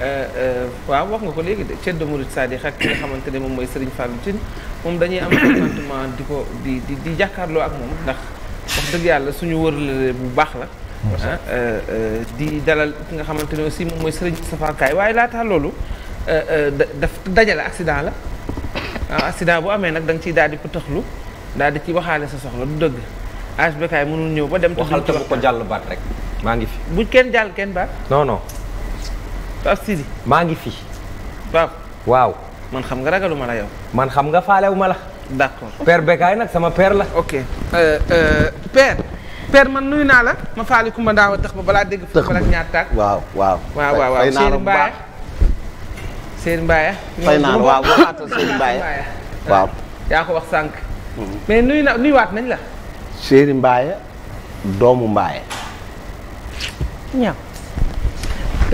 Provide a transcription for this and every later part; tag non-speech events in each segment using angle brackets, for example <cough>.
Euh, euh, waaw wax nga ko léegi de Ceddo Murid Sadikh ak ki nga xamante ne moom mooy Serigne Fallou Tine moom dañuy am contentement di ko di di di jàkkaarloo ak moom ndax wax dëgg yàlla suñu wërale bu baax la. Ah, euh, di dalal ki nga xamante ne aussi moom mooy Serigne Moustapha Kaye waaye laataa loolu daf dajale accident la ah accident bu amee nag danga nga ciy daal di ko tëxlu daal di ci waxaale sa soxla du dëgg HBK mënul ñëw ba dem. taxaw waxal te ko jàll baat rek maa ngi fi. bu kenn jàll kenn baat. non Pape Sidi. maa ngi fi. Pape. waaw. man xam nga ragaluma la yow. man xam nga faalewuma la. d'accord père Bekaay nag sama per la. ok euh, euh, père. père man nuyu naa la. ma faali kumba ndaawa tax ba balaa dégg. tax ba ñaar taag waaw waaw. waaw waaw waaw Seydou Mbaye. waaw yaa ko wax sànq. Mm-hmm. mais nuyu na waat nañ la. Seydou Mbaye doomu Mbaye.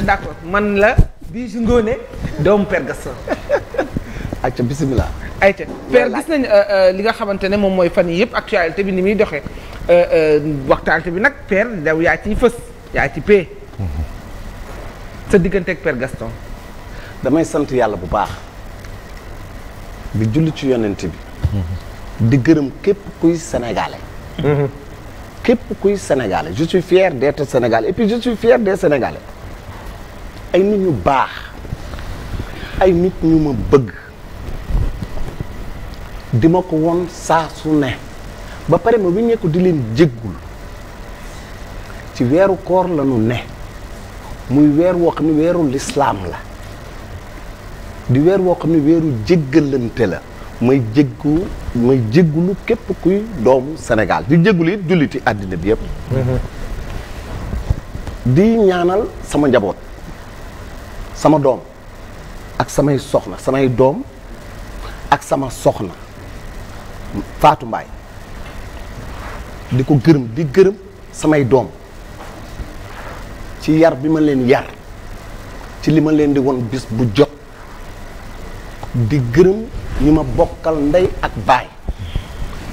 d' accord man la Bijou Ngoné doomu Père Gaston ayca <laughs> bisimilah. ayca Père nañ euh, euh, li nga xamante ne moom mooy fan yii yëpp actualité bi ni muy doxee waxtaante euh, bi nag Père daw yaa ciy fës yaa ci pee. Mhm. sa diggante ak Père Gaston. damay sant yàlla bu baax. bi julli ci yonent bi. Mhm. di gërëm képp kuy sénégalais. Mhm. képp kuy sénégalais je suis fier d' être sénégalais et puis fier des sénégalais. ay nit ñu baax ay nit ñu ma bëgg di ma ko won saa su ne ba pare ma wiññeeku di leen jéggul ci weeru koor lanu ne muy weer woo xam ne weeru lislaam la di weer woo xam ne weeru jéggalante la may jéggu may jéggulu képp kuy doomu Sénégal di jéggulu it julliti àddina bi yëpp mm-hmm. di ñaanal sama njaboot sama doom ak samay soxna samay doom ak sama soxna faatu mbaay di ko gërëm di gërëm samay doom ci yar bi ma leen yar ci li ma leen di won bis bu jot di gërëm ñu ma bokkal ndey ak baay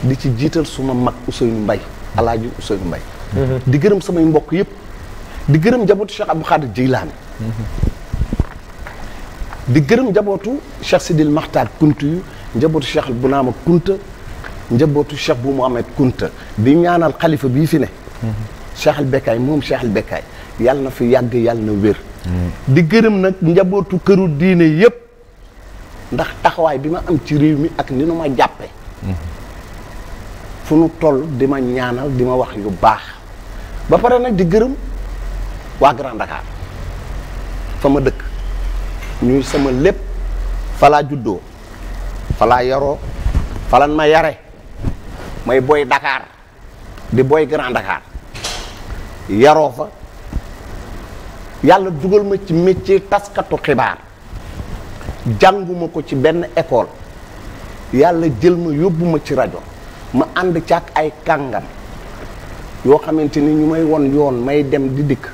di ci jiital suma mag Ousseynou Mbaye alaaji Ousseynou Mbaye mm-hmm. di gërëm samay mbokk yépp di gërëm njabootu Cheikh Abdou Khadir Jilani mm-hmm. di gërëm njabootu Cheikh Sidil Maxtaar Kunta yu njabootu Cheikh Bunaama njabootu Cheikh bu Mouhamed Kunta di ñaanal xalifa bii fi ne Cheikh al Bekkaay moom Cheikh al Bekkaay yàlla na fi yàgg yàlla na wér mm. di gërëm nag njabootu këru diine yépp ndax taxawaay bi ma am ci réew mi ak ni ma jàppe fu tol toll di ma ñaanal di ma wax yu baax ba pare nag di gërëm waa Grand Dakar fa ma dëkk ñuy sama lépp falaa juddoo falaa yaroo falan ma yare may booy Dakar di boy Grand Dakar yaroo fa yàlla dugal ma ci métier taskatu xibaar jànguma ko ci benn école yàlla jël ma yóbbu ma ci rajo ma ànd caag ay kàngam yoo xamante ni ñu may won yoon may dem di dikk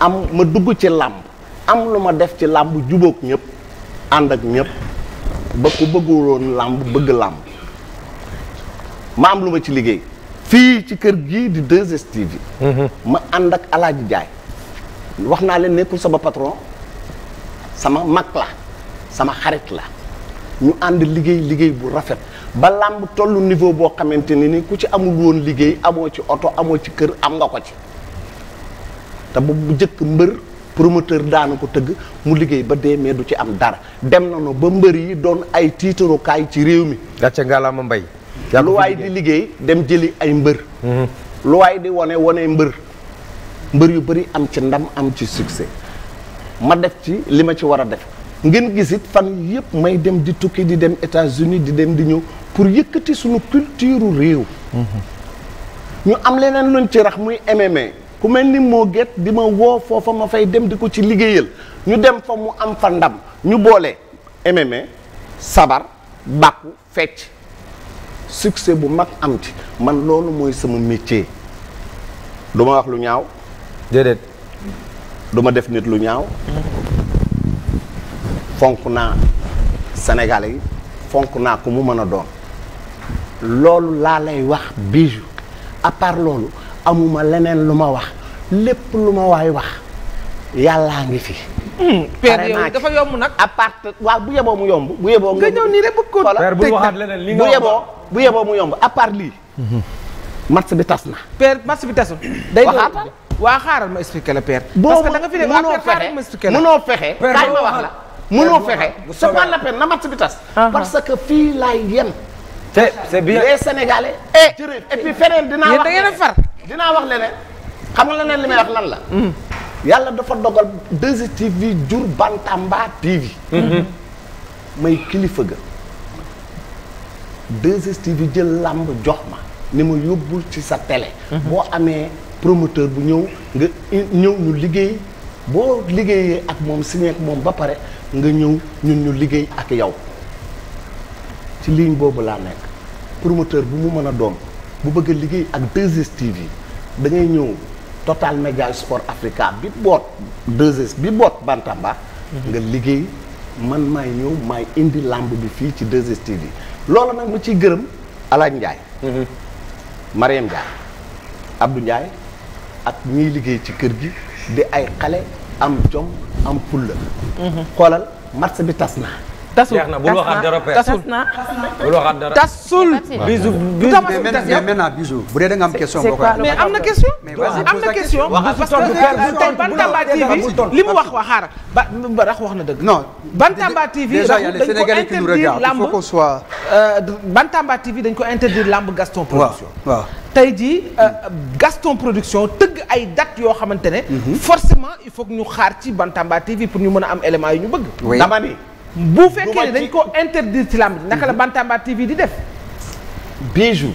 am ma dugg ci làmb am lu ma def ci làmb jubook ñëpp ànd ak ñépp ba ku bëgguloon làmb bëgg làmb ma am lu ma ci liggéey fii ci kër gii di 2STV mhm. ma ànd ak Alaaji Jaay wax naa leen nekkul sama patron sama mag la sama xarit la ñu ànd liggéey liggéey bu rafet ba làmb tollu niveau boo xamante ni ni ku ci amul woon liggéey amoo ci oto amoo ci kër am nga ko ci te bu jëkk mbër promoteur daana ko tëgg mu liggéey ba dee mais du ci am dara dem na nañu ba mbër yi doon ay tiitarukaay ci réew mi. gàcce ngalaama mbay. lu waay di liggéey dem jëli ay mbër. Mhm. lu waay di wane wane mbër. mbër yu bëri am ci ndam am ci succès ma def ci li ma ci war a def ngeen gis it fan yëpp may dem di tukki di dem états uni di dem di ñëw pour yëkkati suñu culture réew. Mhm. ñu am leneen luñ ci rax muy MMA. ku mel ni moo gét di ma woo foofa ma fay dem di ko ci liggéeyal ñu dem fa mu am fa ndam ñu boole mm sabar bàkku fecc succès bu mag am ci man loolu mooy sama métier duma ma wax lu ñaaw déedéet du def nit lu ñaaw fonk naa Sénégalais yi fonk naa ko mu mën a doon loolu laa lay wax bijou à part loolu amuma leneen lu ma wax lépp lu ma waay wax yàllaa ngi fi. Hmm, père yow dafa yomb nag. à part waaw bu yeboo mu yomb bu yeboo. nga ñëw nii li nga bu yeboo bu yeboo mu yomb à lii. Mhm. match bi tas na. père match bi tasul. day doon a xaaral ma expliqué la père. parce que da nga fi ne waa père xaaral ma expliqué la mënoo fexe kaay la. mënoo fexe c'est pas la peine na match bi tas. Ah, ah. parce que fii laay yem. c'est bien les sénégalais. et eh. et puis wax a dinaa wax leneen xam nga leneen li may wax lan la. Hmm. yàlla dafa dogal 2STV jur Bantamba TV. Hmm. may kilifa ga. 2STV jël làmb jox ma ni ma yóbbul ci sa tele hmm. boo amee promoteur bu ñëw nga ñëw ñu liggéey boo liggéeyee ak moom signé ak moom ba pare nga ñëw ñun ñu liggéey ak yow. ci ligne boobu laa nekk promoteur bu mu mën a doon. bu bëgg a liggéey ak 2STV da ngay ñëw Total Media Sport Africa bi boot 2 bi boot Bantamba. Mhm. nga liggéey man maay ñëw maay indi làmb bi fii ci 2STV loolu nag mu ciy gërëm Alaaji Ndiaye. Mhm. Mariam Ndiaye. Abdou Ndiaye ak ñiy liggéey ci kër gi di ay xale am jom am fulla mhm. xoolal match bi tas na. tasul jeex na bul waxaat dara père tasul bul bu dee da am question. mais am na question. am TV li mu wax wa xaar ba Mbarax wax na dëgg. non Bantamba TV dañ ko interdire lamb euh, dañ ko interdire lamb Gaston Production. waaw tey jii euh, Gaston Production tëgg ay date yoo xamante ne. Mhm. forcément il faut que ñu xaar ci Bantamba TV pour ñu mën a am élément yi ñu bëgg. dama bu fekkee ne dañ koo interdire ci làmb ji naka la Bantamba TV di def. bijou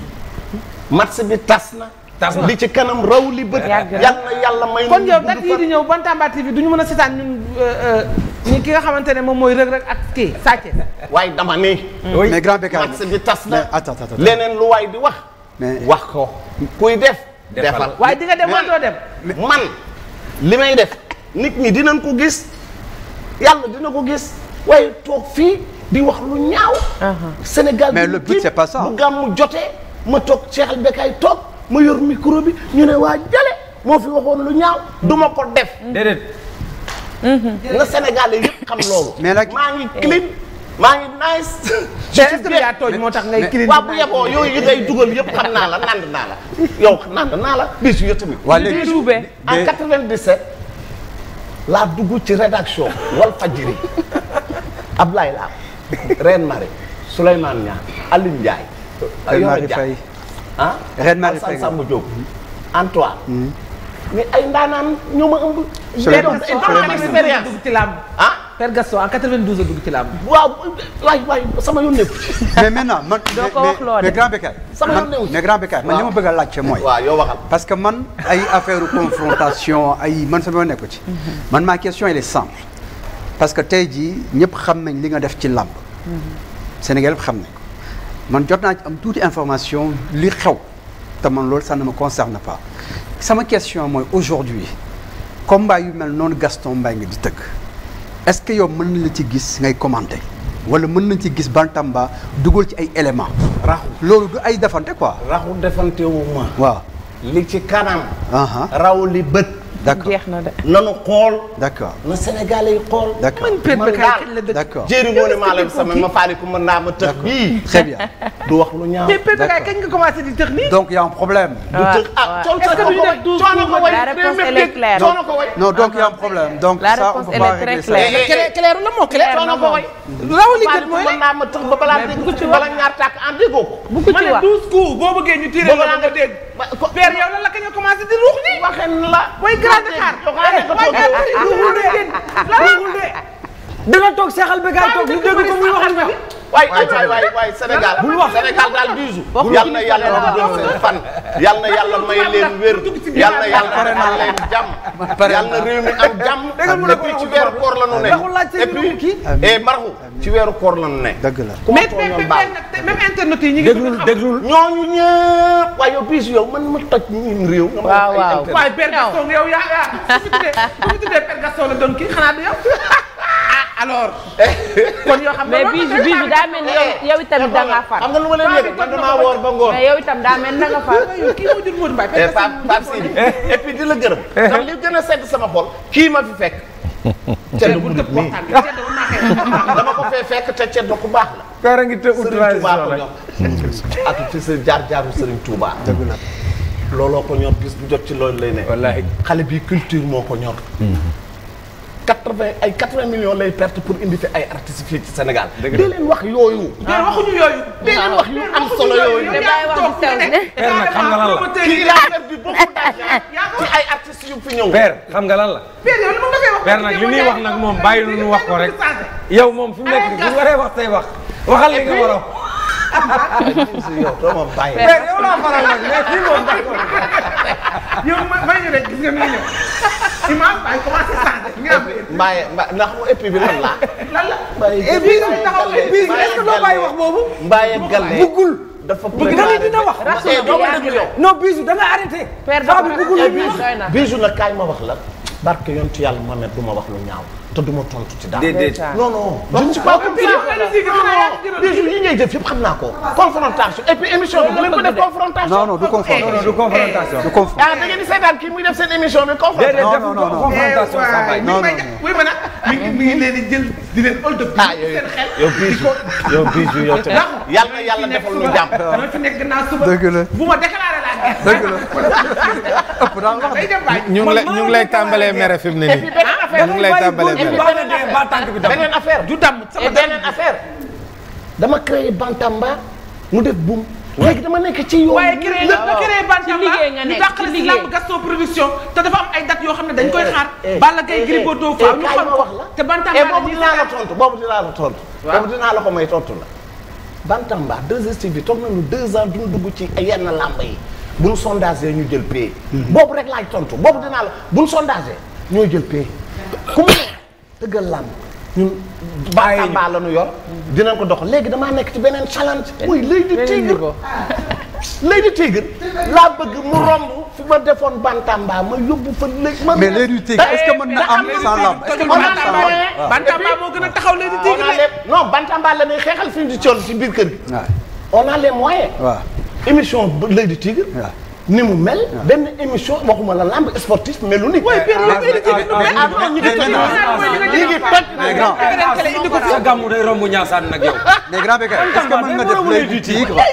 match bi tas na. tas na li ci kanam raw li bët. yàlla yàlla may kon yow dat ñëw Bantamba TV du ñu mën a seetaan ñun euh, euh, ñi ki nga xamante ne moom mooy rëg rëg ak kii sàcce. waaye dama ne. mais grand bécaye match bi tas na leneen lu waay wax. wax ko kuy def. waaye di dem man doo dem. li may def nit ñi dinañ ko gis yàlla dina ko gis. waaye toog fii di wax lu ñaaw. Uh-huh. Sénégal mais le but c'est pas ça gàmmu jotee ma toog Cheikh Al Becaye toog ma yor micro bi ñu ne waa Jalle moo fi waxoon lu ñaaw du ma ko def. déedéet. Mm-hmm. na Sénégalais yëpp xam loolu. mais nag maa ngi clean maa ngi nice. je suis bien yaa tooj moo tax ngay clean. waaw bu yeboo yooyu yi ngay dugal yëpp xam naa la nand naa la yow naa la bis yu tamit. waa léegi en 97. laa dugg ci rédaction Walfadjri Ablaye Lam Reine Marie Souleymane Niang Alioune Ndiaye. Reine Marie Faye ah Reine Marie Faye Samba Diop Antoine. Hmm. mais ay ndaanaan ñoo ma ëmb. Souleymane expérience dugg ci làmb ah, ah? Père Gaston en 92 a dugg ci làmb. waaw waay waay sama yoon nekku <laughs> mais maintenant man. doo ko wax loo mais grand bécaye. sama yoon nekku mais grand bécaye man li ma bëgg a laajte mooy. waaw yow waxal parce que man ay affaire confrontation ay man sama yoon nekku ci. Mhm. man ma question elle est simple. parce que tey jii ñëpp xam nañ li nga def ci làmb Sénégal yëpp xam nañ man jot naa ci am tuuti information li xew te man loolu ça ne me concerne pas sama question mooy aujourd'hui combat yu mel noonu Gaston Mbengue ngi di tëgg est-ce que yow mën na la ci gis ngay commenter wala mën nañ ci gis Bantamba dugal ci ay éléments. raxu loolu du ay defante quoi. raxu defante wu ma. li ci kanam. raw li bët. d'accord jeex na de. nanu xool. d'accord na Sénégalais yi xool. d'accord man daal d'accord jéeri moo ne maa leen sama ma faale ko mën naa ma tëx bii. très bien <laughs> du wax lu ñaaw. d'accord mais PPK kañ nga commencé di tëx nii. donc y a un problème. du tëx ah coono ko way coono ko way la réponse elle est claire non donc y a un problème donc ça on peut pas régler ça. Eh, eh, eh, clair la moo clair coono ko way. rawali gët mooy mën naa ma tëx ba balaa dégg ko ci bala ñaar tàkk en déggoo ko. bu ko ci wax ma ne douze coups boo bëggee ñu tiré la nga dégg père yow lan la kañ nga di ruux nii. waxin la. mooy Grand Dakar. waaye waaye gàllankoor ruuxul de ruuxul de. dana toog seexal bi kaay toog ñu dégg ko wax lu ñaaw. waay waay waay Sénégal bul wax Sénégal yal na yàlla guddal seen yal na yàlla may leen wér. yal na yàlla may leen yal na réew mi am jàmm. <laughs> et puis ci weeru koor la ñu ne. et puis et marxu ci weeru koor la ñu ne. dëgg la ku ma tooñoon baal même internet yi ñu ma toj ñun réew. waaw waaw waaye Père Gaston yow yaa <laughs> alors. kon yoo xam ne mais bii bii bi daa mel ni yow itam eh, eh, da nga far. xam nga lu ma woor ba ngoon. mais yow itam daa mel ni far. Eh, kii na Pape Sidi et puis di la gën a sedd sama xol kii ma fi fekk. <laughs> cedd bu dëpp waxtaan bi cedd bu naqee <laughs> dama ko fee fekk te cedd ku baax la. kër ngi te outrage la ak ci sa jaar jaaru Serigne Touba. dëgg la looloo ko ñor bis bu jot ci loolu lay ne. wallaahi xale bii culture moo ko ñor. Mm-hmm. quatre-vingt ay quatre-vingt lay perte pour indi fi ay artistes fii ci Sénégal. dëgg la leen wax yooyu. ah wax yu solo yooyu. dee wax xam nga lan la. kii daa perdu beaucoup d'argent ci ay artistes yu fi ñëw. père xam nga lan la. père nag li muy wax nag moom bàyyi lu ñu wax ko rek. yow moom fi mu nekk bu waree wax tey wax waxal li nga war a yow eh, doo ma bàyyi. mais yow laa faral nag mais kii moom bàyyi ko yow may ñu rek gis nga muy ñëw. Imaam bàyyi commencé sànq nga am. Mbaye ndax mu épi bi lan la. lan la Mbaye Gale épi bi taxaw épi est-ce eh, que loo bàyyi wax boobu. Mbaye Gale buggul. dafa bëgg a dina wax. raxas doo ma déglu yow non bisu da nga arrêté. père bi buggul bisu. bisu nag kaay ma wax la. barke yontu yàlla Mohamed du ma wax lu ñaaw. te du ma tontu ci dara. déedéet non non. je ne suis pas comme ça non non yi ngay def yëpp xam naa ko. confrontation et puis émission bi bu leen ko def confrontation. non non du eh, confrontation non eh, non du confrontation. Eh. du confrontation ah da ngeen di seetaan kii muy def seen émission bi confrontation. non non non confrontation sax non non mi ngi mi ngi leen di jël di leen hold up. ah yooyu yow bisu yow bisu yow tamit. yàlla na yàlla defal lu jàmm. dama fi nekk naa suba dëgg la bu ma déclaré laa gis. dëgg la <laughs> ëpp daal wax ñu ngi lay ñu ngi lay tàmbalee mere fi mu ne nii. ñu ngi lay tàmbalee beneen affaire du damm sama beneen affaire dama créé bantamba mu def buum. léegi dama nekk ci yoon. waaye créé nga créé bantamba ñu dàqale si te dafa ay date yoo xam ne dañ eh, koy eh, xaar. Eh, Balla Gaye Gris Bordeaux faaw ñu xam ko te bantamba boobu dinaa la tontu boobu dinaa la tontu. boobu dinaa la ko may tontu la. bantamba 2STV toog nañu deux ans duñu dugg ci yenn lamb yi. buñ sondagé ñu jël pay. Mhm. boobu rek laaj tontu boobu dinaa la buñ sondagé ñoo jël pay. ku dëggal làmb ñun bàyyi baa la ñu yor dinañ ko dox léegi damaa nekk ci beneen challenge muy lay di tigre laa bëgg mu romb fi ma defoon bantamba ma yóbbu fa léegi ma mais lay di eh, tigre est-ce que mën na am sa làmb ah. moo gën a taxaw lay di tigre non bantamba la ñuy xeexal fi ñu di cool ci biir kër gi on a les moyens waaw émission lay di tigre ni mu mel. benn émission waxuma la lamb sportif mais lu ni. waaye pire lu nit yi mais ah non ah, ah, ñu ngi toj. ñu ngi toj. mais sa gàmmu day romb ñaasaan nag yow. <laughs> mais grand Bécaye est-ce que mën nga def lay du tii quoi.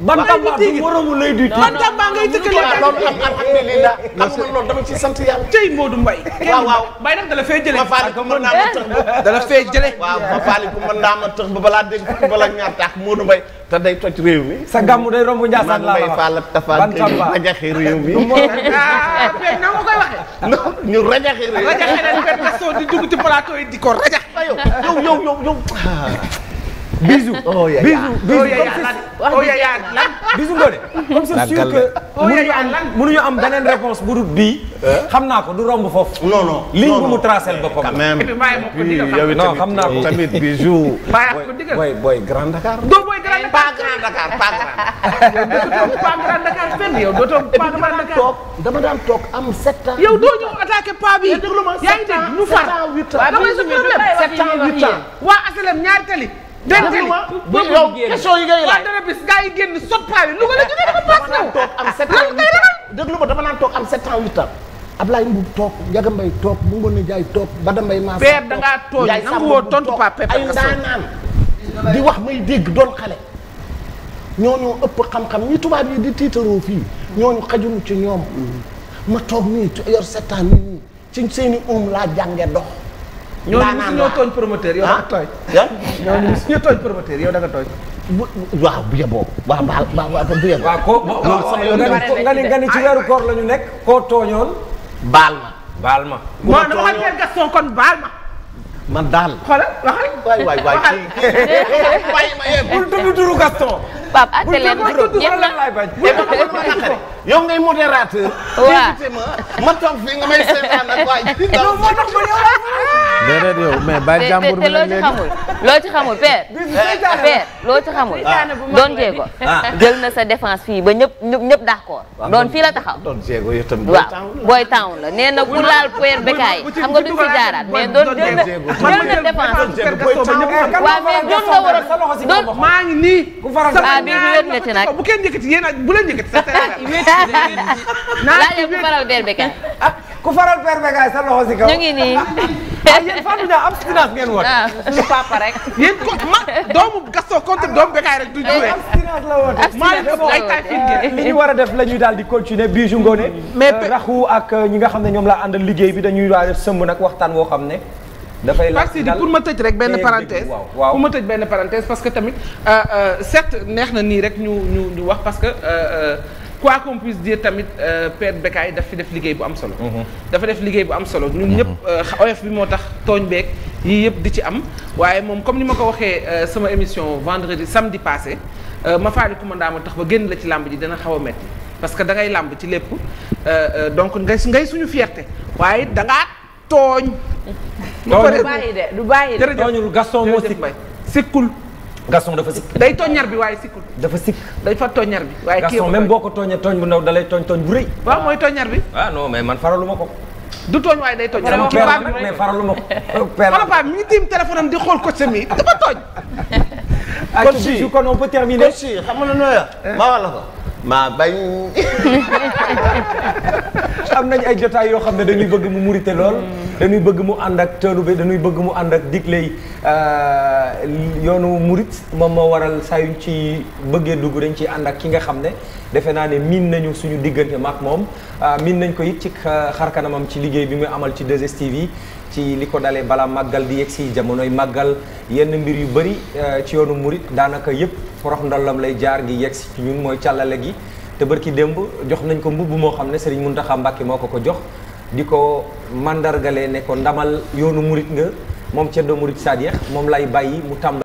bantamba du moromu lay du bantamba ngay tëkkale alhamdulillah xam nga loolu dama ci sant yàlla tey Modou Mbaye waaw waaw Mbaye nag dala fee jële ma faali ko mën naa ma tëx ba <laughs> ma faali naa ma tëx ba balaa dégg fukki balaa ñaar taax Modou Mbaye te day toj réew mi sa gàmmu day romb Ndiassane la Mbaye Fall tafa rajaxe réew mi <laughs> <laughs> ah, mais na ma koy waxe ñu rajaxe réew rajaxe leen benn di dugg ci plateau yi di ko rajax yow yow yow yow bisu. oh yaya bisu bisu comme c'est sûr que oh, am mënuñu am beneen réponse bii. Euh? xam naa ko du romb foofu. non non ligne bu mu tracé boppam. quand même non xam naa ko tamit bisu. booy booy Grand Dakar. doo booy Grand eh, Dakar pas Grand Dakar pas Grand Dakar. fenn <laughs> yow dootoo pas Grand Dakar. dama daan toog am sept doo ñu attaqué pas bi. Eh, yaa ngi dégg ñu far. sept ans waa asalem ñaari tali. dégg ma bu yow question yi ngay laaj dana bis gars yi génn sot dafa paas toog am sept ans huit ans déglu toog am sept ans huit toog Ndiaga Mbaye toog mu ngoon ne Jaay toog Bada Mbaye maa père da ngaa tooñ nangu woo tontu paa père ay ndaanaan di wax may dégg doon xale ñooñu ëpp xam-xam ñi tubaab yi di tiitaroo fii ñooñu xajunu ci ñoom mm-hmm. ma toog nii yor sept ans nii ci seeni um laa jànge dox ñooñu suñoo tooñ promoteur yow ah? da nga tooñ. ñooñu suñoo tooñ promoteur yow da nga tooñ. bu waaw bu yeboo waaw waaw waaw bu ci weeru koor la ñu nekk koo tooñoon. baal ma. baal ma bu ma tooñoon non non Gaston kon baal ma. man daal. xoolal waxal. waay waay waay kii. bul tudd turu Gaston. Pape àtte leen ñëpp la yow ngay modérateur. waaw ma toog fi nga may seetaan ak waay. non moo tax ma yow déedéet yow mais bàyyi jàmbur bi loo ci xamul loo ci xamul père père loo ci xamul doon jéego jël na sa défense fii ba ñëpp ñëpp d'accord doon fii la taxaw doon jéego yow tam waaw booy town la nee na ku laal père Bécaye xam nga duñ fi jaaraat mais doon jël na jël na défense waaw mais doon nga war a doon maa ngi nii ku faral waaw bii bu wéet nga ci nag bu kenn yëkkati yéen bu leen yëkkati laajee ku faral père Bécaye faral père Bécaye sa loxo si kaw ñu ngi nii ah yéen famille daa ngeen woon. suñu papa rek. yéen ko ma doomu Gaston contre doomu Bécaye rek du juree. abstinence la war a def la ñuy daal di continuer bii ju ngoone. mais euh, raxu ak euh, ñi nga xam ne ñoom laa àndal liggéey bi dañuy daal di sëmb nag waxtaan woo xam ne. dafay laaj si pour ma tëj rek benn parenthèse pour ma tëj benn parenthèse parce que tamit euh, certes neex na nii rek ñu ñu ñu wax parce que. quoi qu'on puisse dire tamit euh, Père Bécaye daf fi def liggéey bu am solo. dafa def liggéey bu am solo. ñun ñëpp euh, oyof bi moo tax tooñ beek yii yëpp di ci am waaye moom comme ni ma ko waxee euh, sama émission vendredi samedi passé ma faari commanda ma tax ba génn la ci làmb ji dana xaw a metti parce que dangay làmb ci lépp donc ngay ngay suñu fierté waaye da ngaa tooñ. du bàyyi de du bàyyi de. jërëjëf Gaston moo sikkul Gaston dafa sikk. day tooñ ñar bi waaye sikkul. dafa sikk. day fa tooñ ñar bi waaye Gaston même boo ko tooñee tooñ bu ndaw dalay tooñ tooñ bu rëy. waaw mooy tooñ ñar bi. ah non mais man faralu ma ko. du tooñ waaye day tooñ. dama mais faralu ma ko. père la <laughs> mi ngi tiim téléphone am di xool coach mi dafa tooñ. kon si kon on peut terminer. kon si xam nga nooya. Euh. maa wala ko. maa bañ. am nañ ay jotaay yoo xam ne dañuy bëgg mu murite lool. Mm. dañuy bëgg mu ànd ak tëlu bi dañuy bëgg mu ànd ak digley euh, yoonu murit moom moo waral saa yuñ ci bëggee dugg dañ ci ànd ak ki nga xam ne defe naa ne miin nañu suñu diggante maak moom euh, miin nañ ko it ci xarkanamam ci liggéey bi muy amal ci 2STV ci li ko dalee balaa màggal di yegg si jamonoy màggal yenn mbir yu bëri euh, ci yoonu murit daanaka yëpp. forox ndollam lay jaar ngi yegg si ñun mooy càllale gi te ki démb jox nañ ko mbubb moo xam ne mun Mountakha Mbacké moo ko ko jox di ko mandargalee ne ko ndamal yoonu murit nga moom Ceddo Murit Sadiex moom lay bàyyi mu tàmbali